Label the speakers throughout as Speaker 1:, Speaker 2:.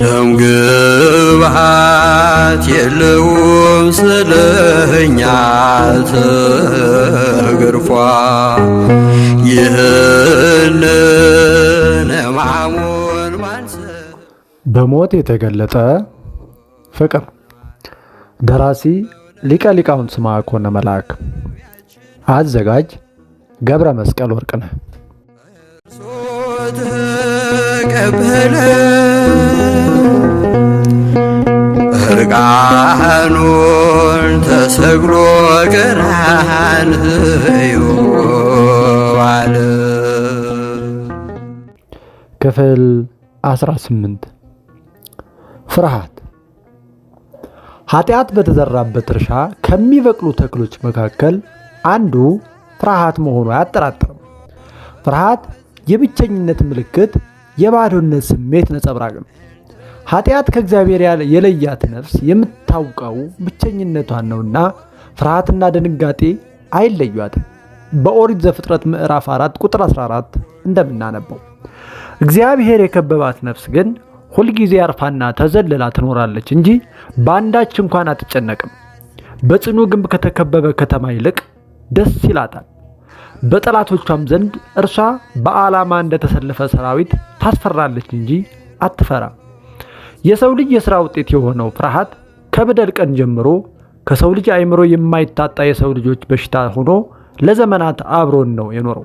Speaker 1: ደምግባት የለውም ስለኛ ተገርፏ ይህንን ማሙን በሞት የተገለጠ ፍቅር ደራሲ ሊቀ ሊቃውንት ስማ ኮነ መልአክ አዘጋጅ ገብረ መስቀል ወርቅ ተቀበለ እርቃኑን ተሰግሎ ገናን ዋለ ክፍል 18 ፍርሃት ኃጢአት በተዘራበት እርሻ ከሚበቅሉ ተክሎች መካከል አንዱ ፍርሃት መሆኑ አያጠራጥርም። ፍርሃት የብቸኝነት ምልክት፣ የባዶነት ስሜት ነጸብራቅ ነው። ኃጢአት ከእግዚአብሔር የለያት ነፍስ የምታውቀው ብቸኝነቷን ነውና ፍርሃትና ድንጋጤ አይለዩአትም። በኦሪት ዘፍጥረት ምዕራፍ 4 ቁጥር 14 እንደምናነበው እግዚአብሔር የከበባት ነፍስ ግን ሁልጊዜ አርፋና ተዘልላ ትኖራለች እንጂ በአንዳች እንኳን አትጨነቅም። በጽኑ ግንብ ከተከበበ ከተማ ይልቅ ደስ ይላታል። በጠላቶቿም ዘንድ እርሷ በዓላማ እንደተሰለፈ ሰራዊት ታስፈራለች እንጂ አትፈራም። የሰው ልጅ የሥራ ውጤት የሆነው ፍርሃት ከበደል ቀን ጀምሮ ከሰው ልጅ አእምሮ የማይታጣ የሰው ልጆች በሽታ ሆኖ ለዘመናት አብሮን ነው የኖረው።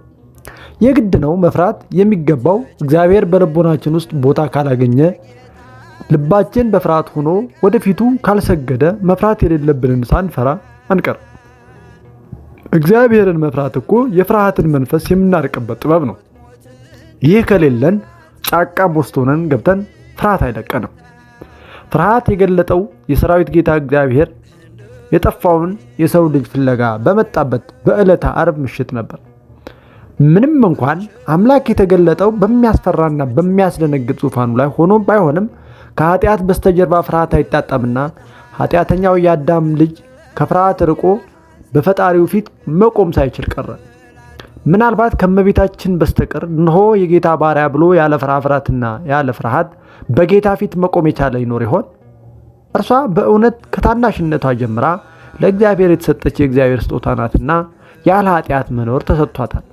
Speaker 1: የግድ ነው መፍራት የሚገባው እግዚአብሔር በልቦናችን ውስጥ ቦታ ካላገኘ ልባችን በፍርሃት ሆኖ ወደፊቱ ካልሰገደ መፍራት የሌለብንን ሳንፈራ አንቀር። እግዚአብሔርን መፍራት እኮ የፍርሃትን መንፈስ የምናርቅበት ጥበብ ነው። ይህ ከሌለን ጫቃ ቦስቶነን ሆነን ገብተን ፍርሃት አይለቀንም። ፍርሃት የገለጠው የሰራዊት ጌታ እግዚአብሔር የጠፋውን የሰው ልጅ ፍለጋ በመጣበት በዕለተ አርብ ምሽት ነበር። ምንም እንኳን አምላክ የተገለጠው በሚያስፈራና በሚያስደነግጥ ዙፋኑ ላይ ሆኖ ባይሆንም ከኃጢአት በስተጀርባ ፍርሃት አይጣጣምና ኃጢአተኛው የአዳም ልጅ ከፍርሃት ርቆ በፈጣሪው ፊት መቆም ሳይችል ቀረ። ምናልባት ከመቤታችን በስተቀር እንሆ የጌታ ባሪያ ብሎ ያለ ፍራፍራትና ያለ ፍርሃት በጌታ ፊት መቆም የቻለ ይኖር ይሆን? እርሷ በእውነት ከታናሽነቷ ጀምራ ለእግዚአብሔር የተሰጠች የእግዚአብሔር ስጦታ ናትና ያለ ኃጢአት መኖር ተሰጥቷታል።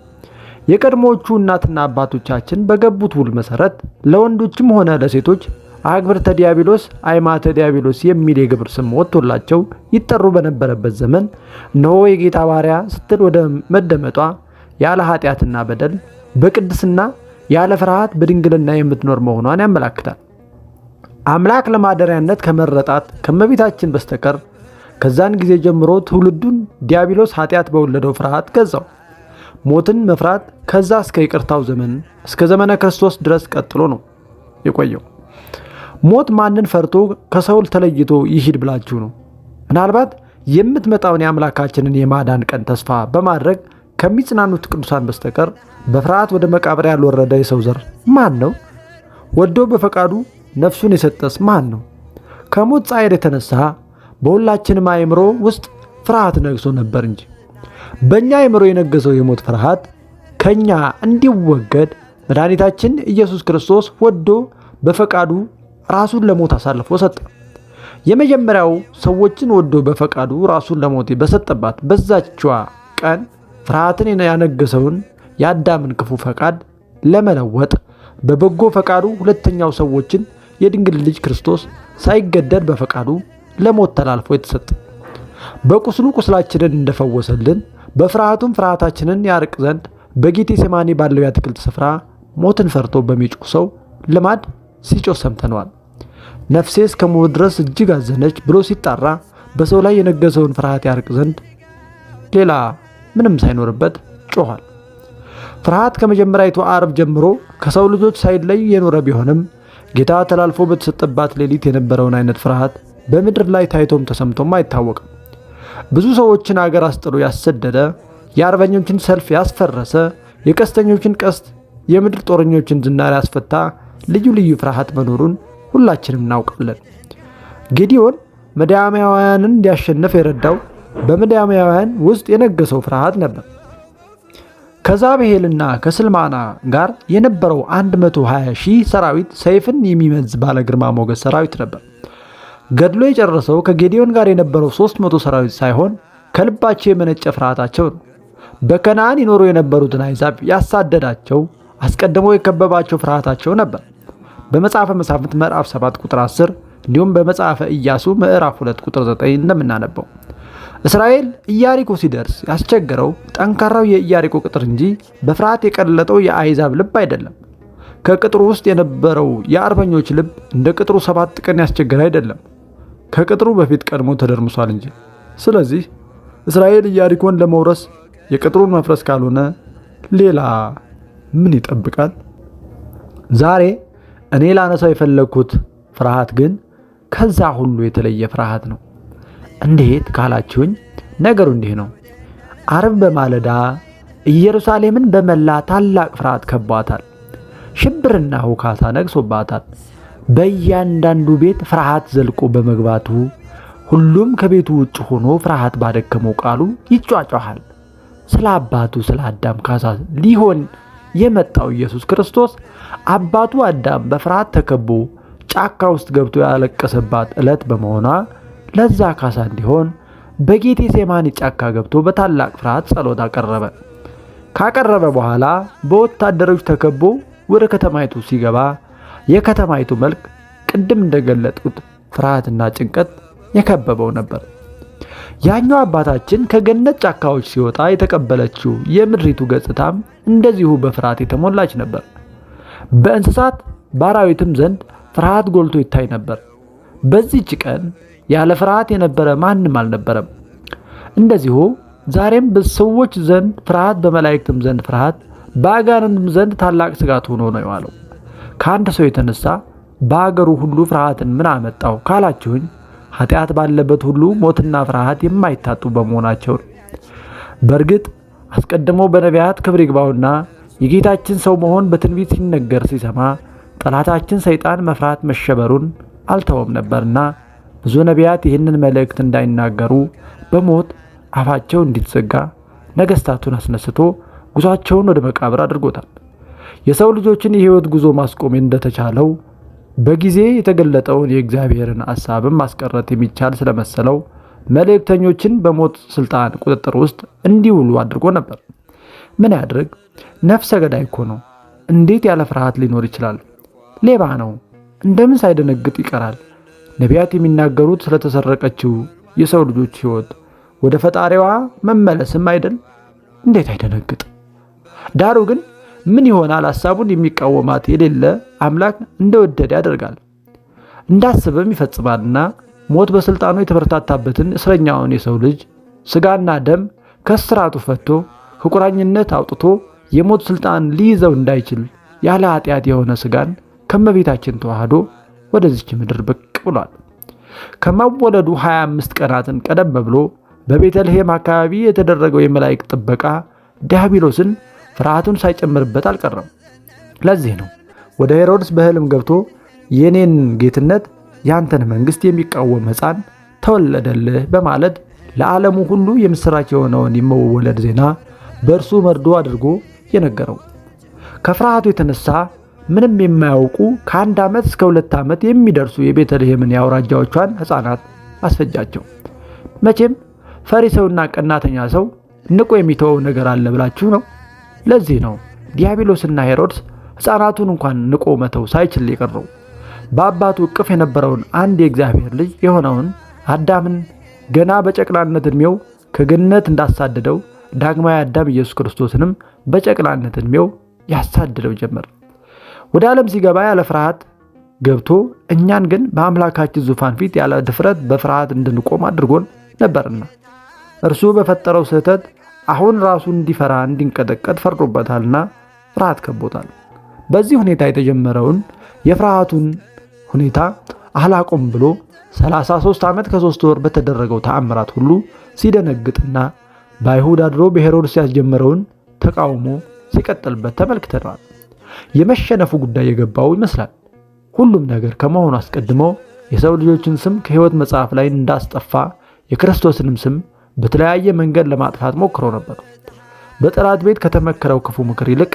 Speaker 1: የቀድሞዎቹ እናትና አባቶቻችን በገቡት ውል መሰረት ለወንዶችም ሆነ ለሴቶች አግብርተ ዲያብሎስ አይማተ ዲያብሎስ የሚል የግብር ስም ወጥቶላቸው ይጠሩ በነበረበት ዘመን እነሆ የጌታ ባሪያ ስትል ወደ መደመጧ ያለ ኃጢአትና በደል በቅድስና ያለ ፍርሃት በድንግልና የምትኖር መሆኗን ያመላክታል። አምላክ ለማደሪያነት ከመረጣት ከመቤታችን በስተቀር ከዛን ጊዜ ጀምሮ ትውልዱን ዲያብሎስ ኃጢአት በወለደው ፍርሃት ገዛው። ሞትን መፍራት ከዛ እስከ ይቅርታው ዘመን እስከ ዘመነ ክርስቶስ ድረስ ቀጥሎ ነው የቆየው። ሞት ማንን ፈርቶ ከሰውል ተለይቶ ይሂድ ብላችሁ ነው? ምናልባት የምትመጣውን የአምላካችንን የማዳን ቀን ተስፋ በማድረግ ከሚጽናኑት ቅዱሳን በስተቀር በፍርሃት ወደ መቃብር ያልወረደ የሰው ዘር ማን ነው? ወዶ በፈቃዱ ነፍሱን የሰጠስ ማን ነው? ከሞት ጻዕር የተነሳ በሁላችንም አእምሮ ውስጥ ፍርሃት ነግሶ ነበር እንጂ በእኛ አእምሮ የነገሰው የሞት ፍርሃት ከእኛ እንዲወገድ መድኃኒታችን ኢየሱስ ክርስቶስ ወዶ በፈቃዱ ራሱን ለሞት አሳልፎ ሰጠ። የመጀመሪያው ሰዎችን ወዶ በፈቃዱ ራሱን ለሞት በሰጠባት በዛችዋ ቀን ፍርሃትን ያነገሰውን የአዳምን ክፉ ፈቃድ ለመለወጥ በበጎ ፈቃዱ ሁለተኛው ሰዎችን የድንግል ልጅ ክርስቶስ ሳይገደድ በፈቃዱ ለሞት ተላልፎ የተሰጠ በቁስሉ ቁስላችንን እንደፈወሰልን በፍርሃቱም ፍርሃታችንን ያርቅ ዘንድ በጌቴ ሴማኒ ባለው የአትክልት ስፍራ ሞትን ፈርቶ በሚጮህ ሰው ልማድ ሲጮህ ሰምተነዋል። ነፍሴ እስከ ሞት ድረስ እጅግ አዘነች ብሎ ሲጣራ በሰው ላይ የነገሰውን ፍርሃት ያርቅ ዘንድ ሌላ ምንም ሳይኖርበት ጮኋል። ፍርሃት ከመጀመሪያዊቱ አርብ ጀምሮ ከሰው ልጆች ሳይለይ የኖረ ቢሆንም ጌታ ተላልፎ በተሰጠባት ሌሊት የነበረውን አይነት ፍርሃት በምድር ላይ ታይቶም ተሰምቶም አይታወቅም። ብዙ ሰዎችን አገር አስጥሎ ያሰደደ፣ የአርበኞችን ሰልፍ ያስፈረሰ፣ የቀስተኞችን ቀስት፣ የምድር ጦረኞችን ዝናር ያስፈታ ልዩ ልዩ ፍርሃት መኖሩን ሁላችንም እናውቃለን። ጌዲዮን መዳማያውያንን እንዲያሸንፍ የረዳው በመዳማያውያን ውስጥ የነገሰው ፍርሃት ነበር። ከዛብሄልና ከስልማና ጋር የነበረው 120 ሺህ ሰራዊት ሰይፍን የሚመዝ ባለ ግርማ ሞገስ ሰራዊት ነበር። ገድሎ የጨረሰው ከጌዲዮን ጋር የነበረው 300 መቶ ሰራዊት ሳይሆን ከልባቸው የመነጨ ፍርሃታቸው ነው። በከነአን ይኖሩ የነበሩትን አሕዛብ ያሳደዳቸው አስቀድሞ የከበባቸው ፍርሃታቸው ነበር። በመጽሐፈ መሳፍንት ምዕራፍ 7 ቁጥር 10 እንዲሁም በመጽሐፈ ኢያሱ ምዕራፍ 2 ቁጥር 9 እንደምናነበው እስራኤል ኢያሪኮ ሲደርስ ያስቸገረው ጠንካራው የኢያሪኮ ቅጥር እንጂ በፍርሃት የቀለጠው የአሕዛብ ልብ አይደለም። ከቅጥሩ ውስጥ የነበረው የአርበኞች ልብ እንደ ቅጥሩ ሰባት ቀን ያስቸገረ አይደለም። ከቅጥሩ በፊት ቀድሞ ተደርምሷል እንጂ። ስለዚህ እስራኤል ኢያሪኮን ለመውረስ የቅጥሩን መፍረስ ካልሆነ ሌላ ምን ይጠብቃል? ዛሬ እኔ ላነሳው የፈለግኩት ፍርሃት ግን ከዛ ሁሉ የተለየ ፍርሃት ነው። እንዴት ካላችሁኝ ነገሩ እንዲህ ነው። አርብ በማለዳ ኢየሩሳሌምን በመላ ታላቅ ፍርሃት ከቧታል። ሽብርና ሁካታ ነግሶባታል። በእያንዳንዱ ቤት ፍርሃት ዘልቆ በመግባቱ ሁሉም ከቤቱ ውጭ ሆኖ ፍርሃት ባደከመው ቃሉ ይጫጫሃል። ስለ አባቱ ስለ አዳም ካሳ ሊሆን የመጣው ኢየሱስ ክርስቶስ አባቱ አዳም በፍርሃት ተከቦ ጫካ ውስጥ ገብቶ ያለቀሰባት ዕለት በመሆኗ ለዛ ካሳ እንዲሆን በጌቴ ሴማኒ ጫካ ገብቶ በታላቅ ፍርሃት ጸሎት አቀረበ። ካቀረበ በኋላ በወታደሮች ተከቦ ወደ ከተማይቱ ሲገባ የከተማይቱ መልክ ቅድም እንደገለጥኩት ፍርሃትና ጭንቀት የከበበው ነበር። ያኛው አባታችን ከገነት ጫካዎች ሲወጣ የተቀበለችው የምድሪቱ ገጽታም እንደዚሁ በፍርሃት የተሞላች ነበር። በእንስሳት በአራዊትም ዘንድ ፍርሃት ጎልቶ ይታይ ነበር። በዚህች ቀን ያለ ፍርሃት የነበረ ማንም አልነበረም። እንደዚሁ ዛሬም በሰዎች ዘንድ ፍርሃት፣ በመላእክትም ዘንድ ፍርሃት፣ በአጋንንትም ዘንድ ታላቅ ስጋት ሆኖ ነው የዋለው። ከአንድ ሰው የተነሳ በአገሩ ሁሉ ፍርሃትን ምን አመጣው ካላችሁኝ ኃጢአት ባለበት ሁሉ ሞትና ፍርሃት የማይታጡ በመሆናቸው ነው። በእርግጥ አስቀድሞ በነቢያት ክብር ይግባውና የጌታችን ሰው መሆን በትንቢት ሲነገር ሲሰማ ጠላታችን ሰይጣን መፍራት መሸበሩን አልተወም ነበርና ብዙ ነቢያት ይህንን መልእክት እንዳይናገሩ በሞት አፋቸው እንዲዘጋ ነገስታቱን አስነስቶ ጉዟቸውን ወደ መቃብር አድርጎታል። የሰው ልጆችን የህይወት ጉዞ ማስቆም እንደተቻለው በጊዜ የተገለጠውን የእግዚአብሔርን አሳብም ማስቀረት የሚቻል ስለመሰለው መልእክተኞችን በሞት ስልጣን ቁጥጥር ውስጥ እንዲውሉ አድርጎ ነበር። ምን ያድርግ? ነፍሰ ገዳይ እኮ ነው። እንዴት ያለ ፍርሃት ሊኖር ይችላል? ሌባ ነው። እንደምን ሳይደነግጥ ይቀራል? ነቢያት የሚናገሩት ስለተሰረቀችው የሰው ልጆች ህይወት ወደ ፈጣሪዋ መመለስም አይደል? እንዴት አይደነግጥ? ዳሩ ግን ምን ይሆናል? ሀሳቡን የሚቃወማት የሌለ አምላክ እንደወደደ ያደርጋል፣ እንዳስበም ይፈጽማልና ሞት በስልጣኑ የተበረታታበትን እስረኛውን የሰው ልጅ ስጋና ደም ከስርዓቱ ፈቶ ከቁራኝነት አውጥቶ የሞት ስልጣን ሊይዘው እንዳይችል ያለ ኃጢአት የሆነ ስጋን ከመቤታችን ተዋህዶ ወደዚች ምድር ብቅ ብሏል። ከመወለዱ 25 ቀናትን ቀደም ብሎ በቤተልሔም አካባቢ የተደረገው የመላእክት ጥበቃ ዲያብሎስን ፍርሃቱን ሳይጨምርበት አልቀረም። ለዚህ ነው ወደ ሄሮድስ በህልም ገብቶ የኔን ጌትነት ያንተን መንግሥት የሚቃወም ሕፃን ተወለደልህ በማለት ለዓለሙ ሁሉ የምሥራች የሆነውን የመወለድ ዜና በእርሱ መርዶ አድርጎ የነገረው። ከፍርሃቱ የተነሳ ምንም የማያውቁ ከአንድ ዓመት እስከ ሁለት ዓመት የሚደርሱ የቤተልሔምን የአውራጃዎቿን ሕፃናት አስፈጃቸው። መቼም ፈሪ ሰውና ቀናተኛ ሰው ንቆ የሚተወው ነገር አለ ብላችሁ ነው? ለዚህ ነው ዲያብሎስና ሄሮድስ ሕፃናቱን እንኳን ንቆ መተው ሳይችል የቀረው በአባቱ እቅፍ የነበረውን አንድ የእግዚአብሔር ልጅ የሆነውን አዳምን ገና በጨቅላነት ዕድሜው ከገነት እንዳሳደደው ዳግማዊ አዳም ኢየሱስ ክርስቶስንም በጨቅላነት ዕድሜው ያሳደደው ጀመር። ወደ ዓለም ሲገባ ያለ ፍርሃት ገብቶ እኛን ግን በአምላካችን ዙፋን ፊት ያለ ድፍረት በፍርሃት እንድንቆም አድርጎን ነበርና እርሱ በፈጠረው ስህተት አሁን ራሱ እንዲፈራ እንዲንቀጠቀጥ ፈርዶበታልና ፍርሃት ከቦታል። በዚህ ሁኔታ የተጀመረውን የፍርሃቱን ሁኔታ አላቆም ብሎ 33 ዓመት ከሶስት ወር በተደረገው ተአምራት ሁሉ ሲደነግጥና በአይሁድ አድሮ በሄሮድስ ያስጀመረውን ተቃውሞ ሲቀጥልበት ተመልክተናል። የመሸነፉ ጉዳይ የገባው ይመስላል። ሁሉም ነገር ከመሆኑ አስቀድሞ የሰው ልጆችን ስም ከሕይወት መጽሐፍ ላይ እንዳስጠፋ የክርስቶስንም ስም በተለያየ መንገድ ለማጥፋት ሞክሮ ነበር። በጠላት ቤት ከተመከረው ክፉ ምክር ይልቅ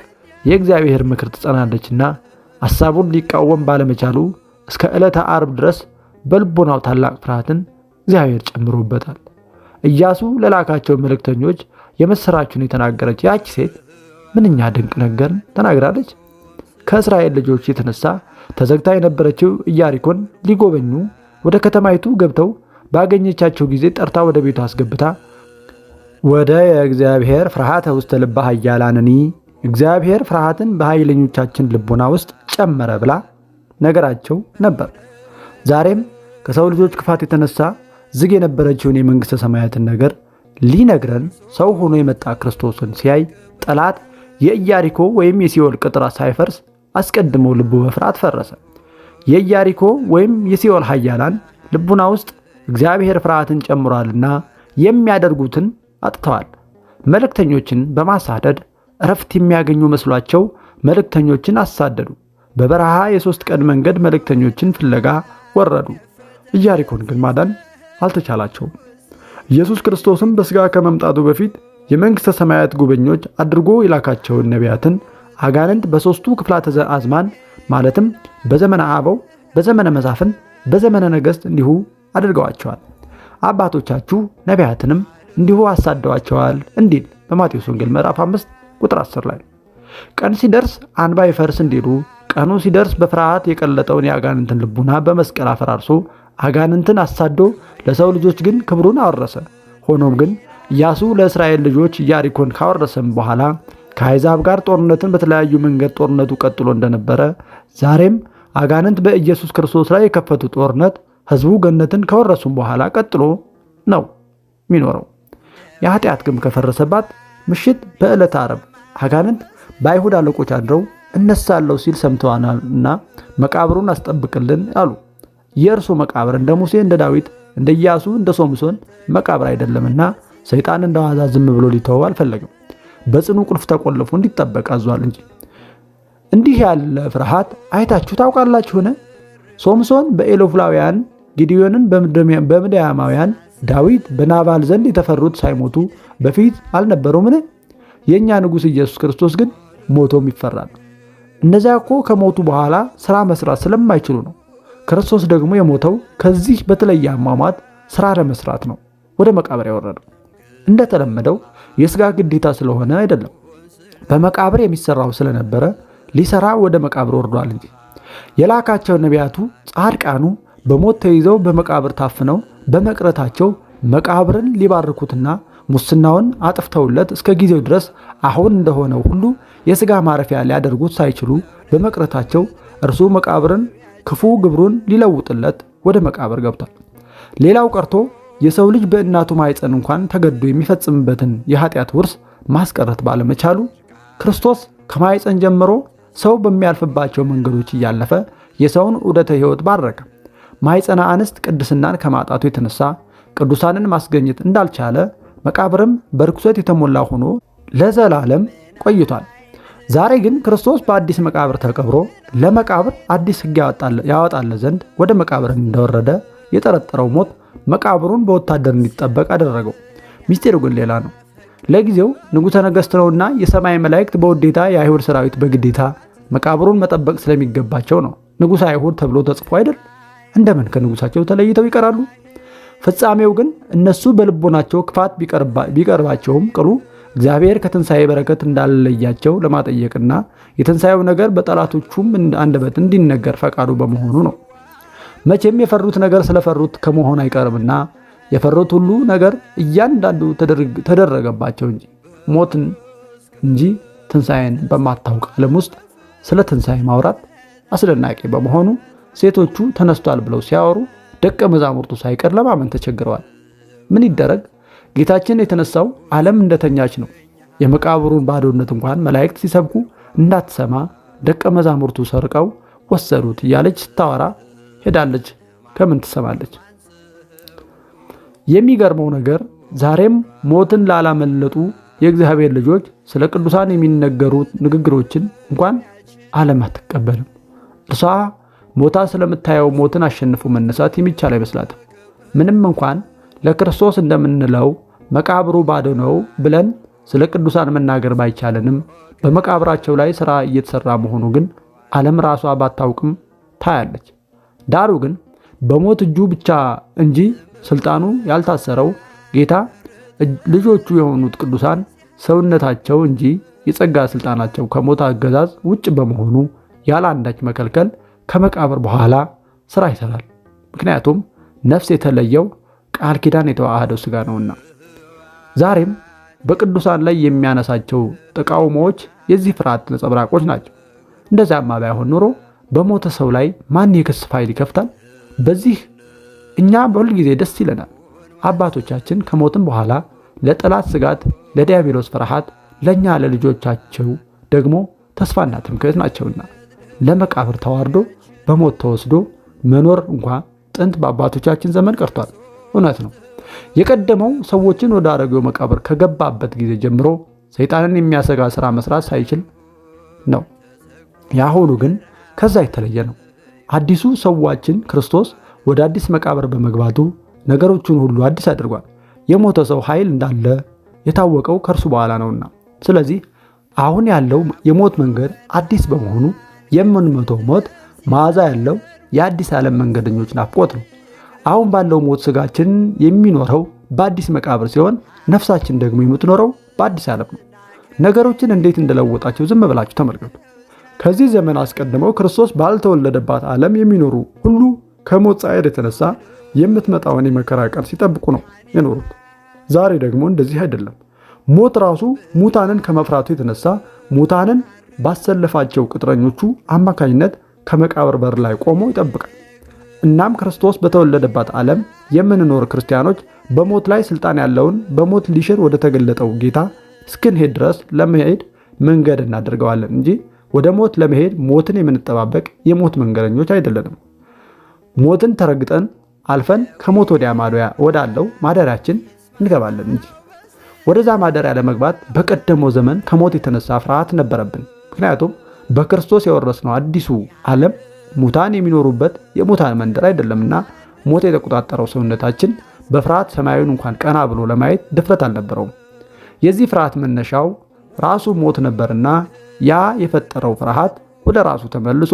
Speaker 1: የእግዚአብሔር ምክር ትጸናለችና ሐሳቡን ሊቃወም ባለመቻሉ እስከ ዕለተ አርብ ድረስ በልቦናው ታላቅ ፍርሃትን እግዚአብሔር ጨምሮበታል። እያሱ ለላካቸው መልእክተኞች የምሥራችን የተናገረች ያቺ ሴት ምንኛ ድንቅ ነገር ተናግራለች። ከእስራኤል ልጆች የተነሳ ተዘግታ የነበረችው ኢያሪኮን ሊጎበኙ ወደ ከተማይቱ ገብተው ባገኘቻቸው ጊዜ ጠርታ ወደ ቤቷ አስገብታ ወደ የእግዚአብሔር ፍርሃተ ውስተ ልባ ኃያላንኒ እግዚአብሔር ፍርሃትን በኃይለኞቻችን ልቦና ውስጥ ጨመረ ብላ ነገራቸው ነበር። ዛሬም ከሰው ልጆች ክፋት የተነሳ ዝግ የነበረችውን የመንግሥተ ሰማያትን ነገር ሊነግረን ሰው ሆኖ የመጣ ክርስቶስን ሲያይ ጠላት የኢያሪኮ ወይም የሲኦል ቅጥር ሳይፈርስ አስቀድሞ ልቡ በፍርሃት ፈረሰ። የኢያሪኮ ወይም የሲኦል ኃያላን ልቡና ውስጥ እግዚአብሔር ፍርሃትን ጨምሯልና የሚያደርጉትን አጥተዋል። መልእክተኞችን በማሳደድ እረፍት የሚያገኙ መስሏቸው መልእክተኞችን አሳደዱ። በበረሃ የሦስት ቀን መንገድ መልእክተኞችን ፍለጋ ወረዱ። ኢያሪኮን ግን ማዳን አልተቻላቸውም። ኢየሱስ ክርስቶስም በሥጋ ከመምጣቱ በፊት የመንግሥተ ሰማያት ጉበኞች አድርጎ የላካቸውን ነቢያትን አጋንንት በሦስቱ ክፍላተ አዝማን ማለትም በዘመነ አበው፣ በዘመነ መሳፍንት፣ በዘመነ ነገሥት እንዲሁ አድርገዋቸዋል። አባቶቻችሁ ነቢያትንም እንዲሁ አሳደዋቸዋል እንዲል በማቴዎስ ወንጌል ምዕራፍ 5 ቁጥር 10 ላይ ቀን ሲደርስ አንባ ይፈርስ እንዲሉ ቀኑ ሲደርስ በፍርሃት የቀለጠውን የአጋንንትን ልቡና በመስቀል አፈራርሶ አጋንንትን አሳዶ ለሰው ልጆች ግን ክብሩን አወረሰ። ሆኖም ግን ኢያሱ ለእስራኤል ልጆች ኢያሪኮን ካወረሰም በኋላ ከአሕዛብ ጋር ጦርነትን በተለያዩ መንገድ ጦርነቱ ቀጥሎ እንደነበረ ዛሬም አጋንንት በኢየሱስ ክርስቶስ ላይ የከፈቱ ጦርነት ህዝቡ ገነትን ከወረሱም በኋላ ቀጥሎ ነው የሚኖረው። የኃጢአት ግንብ ከፈረሰባት ምሽት በዕለት አረብ አጋንንት በአይሁድ አለቆች አድረው እነሳለሁ ሲል ሰምተዋናልና መቃብሩን አስጠብቅልን አሉ። የእርሱ መቃብር እንደ ሙሴ፣ እንደ ዳዊት፣ እንደ ኢያሱ፣ እንደ ሶምሶን መቃብር አይደለምና ሰይጣን እንደ ዋዛ ዝም ብሎ ሊተወው አልፈለግም። በጽኑ ቁልፍ ተቆልፎ እንዲጠበቅ አዟል እንጂ እንዲህ ያለ ፍርሃት አይታችሁ ታውቃላችሁን? ሶምሶን በኤሎፍላውያን፣ ጊዲዮንን በምድያማውያን፣ ዳዊት በናባል ዘንድ የተፈሩት ሳይሞቱ በፊት አልነበሩምን? የእኛ ንጉሥ ኢየሱስ ክርስቶስ ግን ሞቶም ይፈራል። እነዚያ እኮ ከሞቱ በኋላ ሥራ መስራት ስለማይችሉ ነው። ክርስቶስ ደግሞ የሞተው ከዚህ በተለየ አሟሟት ሥራ ለመስራት ነው ወደ መቃብር ያወረደው። እንደተለመደው የሥጋ ግዴታ ስለሆነ አይደለም፣ በመቃብር የሚሠራው ስለነበረ ሊሠራ ወደ መቃብር ወርዷል እንጂ የላካቸው ነቢያቱ ጻድቃኑ በሞት ተይዘው በመቃብር ታፍነው በመቅረታቸው መቃብርን ሊባርኩትና ሙስናውን አጥፍተውለት እስከ ጊዜው ድረስ አሁን እንደሆነው ሁሉ የሥጋ ማረፊያ ሊያደርጉት ሳይችሉ በመቅረታቸው እርሱ መቃብርን ክፉ ግብሩን ሊለውጥለት ወደ መቃብር ገብቷል። ሌላው ቀርቶ የሰው ልጅ በእናቱ ማይፀን እንኳን ተገዶ የሚፈጽምበትን የኃጢአት ውርስ ማስቀረት ባለመቻሉ ክርስቶስ ከማይፀን ጀምሮ ሰው በሚያልፍባቸው መንገዶች እያለፈ የሰውን ዑደተ ሕይወት ባረከ። ማኅፀነ አንስት ቅድስናን ከማጣቱ የተነሳ ቅዱሳንን ማስገኘት እንዳልቻለ መቃብርም በርኩሰት የተሞላ ሆኖ ለዘላለም ቆይቷል። ዛሬ ግን ክርስቶስ በአዲስ መቃብር ተቀብሮ ለመቃብር አዲስ ሕግ ያወጣለ ዘንድ ወደ መቃብር እንደወረደ የጠረጠረው ሞት መቃብሩን በወታደር እንዲጠበቅ አደረገው። ሚስጢሩ ግን ሌላ ነው። ለጊዜው ንጉሠ ነገሥት ነውና የሰማይ መላእክት በውዴታ የአይሁድ ሰራዊት በግዴታ መቃብሩን መጠበቅ ስለሚገባቸው ነው ንጉሥ አይሁድ ተብሎ ተጽፎ አይደል? እንደምን ከንጉሳቸው ተለይተው ይቀራሉ? ፍጻሜው ግን እነሱ በልቦናቸው ክፋት ቢቀርባቸውም ቅሉ እግዚአብሔር ከትንሣኤ በረከት እንዳልለያቸው ለማጠየቅና የትንሣኤው ነገር በጠላቶቹም አንደበት እንዲነገር ፈቃዱ በመሆኑ ነው። መቼም የፈሩት ነገር ስለፈሩት ከመሆን አይቀርምና የፈሩት ሁሉ ነገር እያንዳንዱ ተደረገባቸው እንጂ ሞትን እንጂ ትንሣኤን በማታውቅ ዓለም ውስጥ ስለ ትንሣኤ ማውራት አስደናቂ በመሆኑ ሴቶቹ ተነስቷል ብለው ሲያወሩ ደቀ መዛሙርቱ ሳይቀር ለማመን ተቸግረዋል። ምን ይደረግ፣ ጌታችን የተነሳው ዓለም እንደተኛች ነው። የመቃብሩን ባዶነት እንኳን መላእክት ሲሰብኩ እንዳትሰማ ደቀ መዛሙርቱ ሰርቀው ወሰዱት እያለች ስታወራ ሄዳለች። ከምን ትሰማለች? የሚገርመው ነገር ዛሬም ሞትን ላላመለጡ የእግዚአብሔር ልጆች ስለ ቅዱሳን የሚነገሩ ንግግሮችን እንኳን ዓለም አትቀበልም። እርሷ ሞታ ስለምታየው ሞትን አሸንፎ መነሳት የሚቻል አይመስላትም። ምንም እንኳን ለክርስቶስ እንደምንለው መቃብሩ ባዶ ነው ብለን ስለ ቅዱሳን መናገር ባይቻለንም በመቃብራቸው ላይ ሥራ እየተሠራ መሆኑ ግን ዓለም ራሷ ባታውቅም ታያለች። ዳሩ ግን በሞት እጁ ብቻ እንጂ ስልጣኑ ያልታሰረው ጌታ ልጆቹ የሆኑት ቅዱሳን ሰውነታቸው እንጂ የጸጋ ስልጣናቸው ከሞት አገዛዝ ውጭ በመሆኑ ያለ አንዳች መከልከል ከመቃብር በኋላ ስራ ይሰራል። ምክንያቱም ነፍስ የተለየው ቃል ኪዳን የተዋሃደው ስጋ ነውና። ዛሬም በቅዱሳን ላይ የሚያነሳቸው ተቃውሞዎች የዚህ ፍርሃት ነጸብራቆች ናቸው። እንደዚያማ ባይሆን ኑሮ በሞተ ሰው ላይ ማን የክስ ፋይል ይከፍታል? በዚህ እኛ ጊዜ ደስ ይለናል። አባቶቻችን ከሞትም በኋላ ለጠላት ስጋት፣ ለዲያብሎስ ፍርሃት፣ ለእኛ ለልጆቻቸው ደግሞ ተስፋና ትምክህት ናቸውና ለመቃብር ተዋርዶ በሞት ተወስዶ መኖር እንኳ ጥንት በአባቶቻችን ዘመን ቀርቷል። እውነት ነው። የቀደመው ሰዎችን ወደ አረጌው መቃብር ከገባበት ጊዜ ጀምሮ ሰይጣንን የሚያሰጋ ስራ መስራት ሳይችል ነው። የአሁኑ ግን ከዛ የተለየ ነው። አዲሱ ሰዋችን ክርስቶስ ወደ አዲስ መቃብር በመግባቱ ነገሮቹን ሁሉ አዲስ አድርጓል። የሞተ ሰው ኃይል እንዳለ የታወቀው ከእርሱ በኋላ ነውና፣ ስለዚህ አሁን ያለው የሞት መንገድ አዲስ በመሆኑ የምንመተው ሞት መዓዛ ያለው የአዲስ ዓለም መንገደኞች ናፍቆት ነው። አሁን ባለው ሞት ስጋችን የሚኖረው በአዲስ መቃብር ሲሆን፣ ነፍሳችን ደግሞ የምትኖረው በአዲስ ዓለም ነው። ነገሮችን እንዴት እንደለወጣቸው ዝም ብላችሁ ተመልከቱ። ከዚህ ዘመን አስቀድመው ክርስቶስ ባልተወለደባት ዓለም የሚኖሩ ከሞት ጻዕር የተነሳ የምትመጣውን የመከራ ቀን ሲጠብቁ ነው የኖሩት። ዛሬ ደግሞ እንደዚህ አይደለም። ሞት ራሱ ሙታንን ከመፍራቱ የተነሳ ሙታንን ባሰለፋቸው ቅጥረኞቹ አማካኝነት ከመቃብር በር ላይ ቆሞ ይጠብቃል። እናም ክርስቶስ በተወለደባት ዓለም የምንኖር ክርስቲያኖች በሞት ላይ ስልጣን ያለውን በሞት ሊሽር ወደ ተገለጠው ጌታ እስክንሄድ ድረስ ለመሄድ መንገድ እናደርገዋለን እንጂ ወደ ሞት ለመሄድ ሞትን የምንጠባበቅ የሞት መንገደኞች አይደለንም። ሞትን ተረግጠን አልፈን ከሞት ወዲያ ማዶያ ወዳለው ማደሪያችን እንገባለን እንጂ ወደዛ ማደሪያ ለመግባት በቀደመው ዘመን ከሞት የተነሳ ፍርሃት ነበረብን። ምክንያቱም በክርስቶስ የወረስነው አዲሱ ዓለም ሙታን የሚኖሩበት የሙታን መንደር አይደለምና ሞት የተቆጣጠረው ሰውነታችን በፍርሃት ሰማያዊን እንኳን ቀና ብሎ ለማየት ድፍረት አልነበረውም። የዚህ ፍርሃት መነሻው ራሱ ሞት ነበርና ያ የፈጠረው ፍርሃት ወደ ራሱ ተመልሶ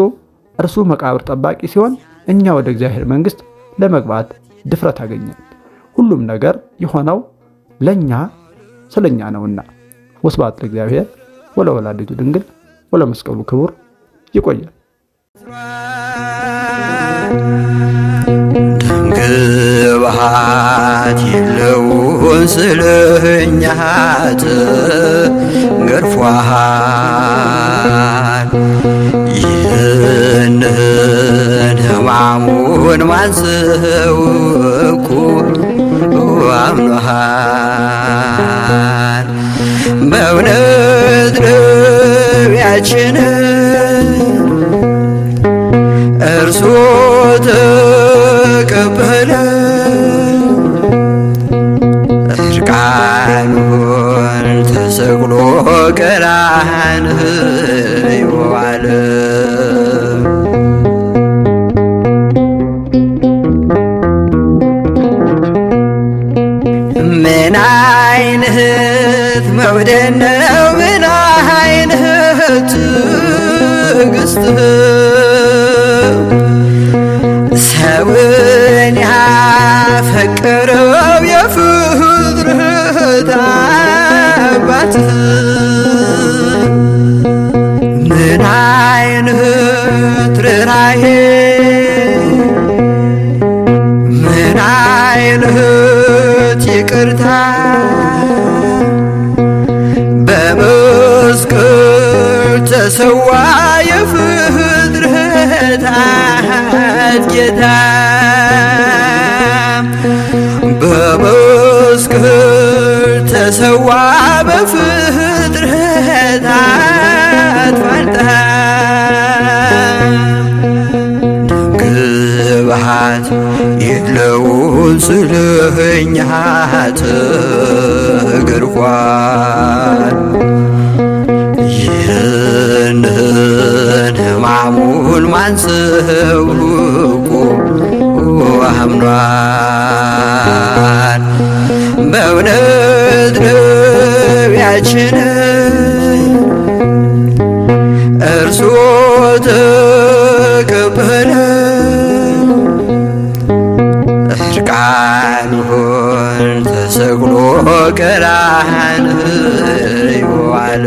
Speaker 1: እርሱ መቃብር ጠባቂ ሲሆን እኛ ወደ እግዚአብሔር መንግሥት ለመግባት ድፍረት አገኘን። ሁሉም ነገር የሆነው ለእኛ ስለኛ ነውና። ወስብሐት ለእግዚአብሔር ወለወላዲቱ ድንግል ወለመስቀሉ ክቡር። ይቆያል። ድንግል ባህት የለውን ገርፏሃል ይህን ሕማሙን ማንስውኩ አምኖሃል በእውነት ደዌያችን እርሶ ተቀበለ ከብደነው ምን አይንህ ትዕግስት ሰውን ያፈቀረው የፍጥረት አባት ምና ጽዋ በፍጥረታት አትፈልጠም ግብሃት የለውም ስለኛ እግር ኳን ይህንን ሕማሙን አምኗል በእውነት ነቢያችን እርሱ ተቀበለ እርቃን ሆን ተሰቅሎ ቀራንዮ ዋለ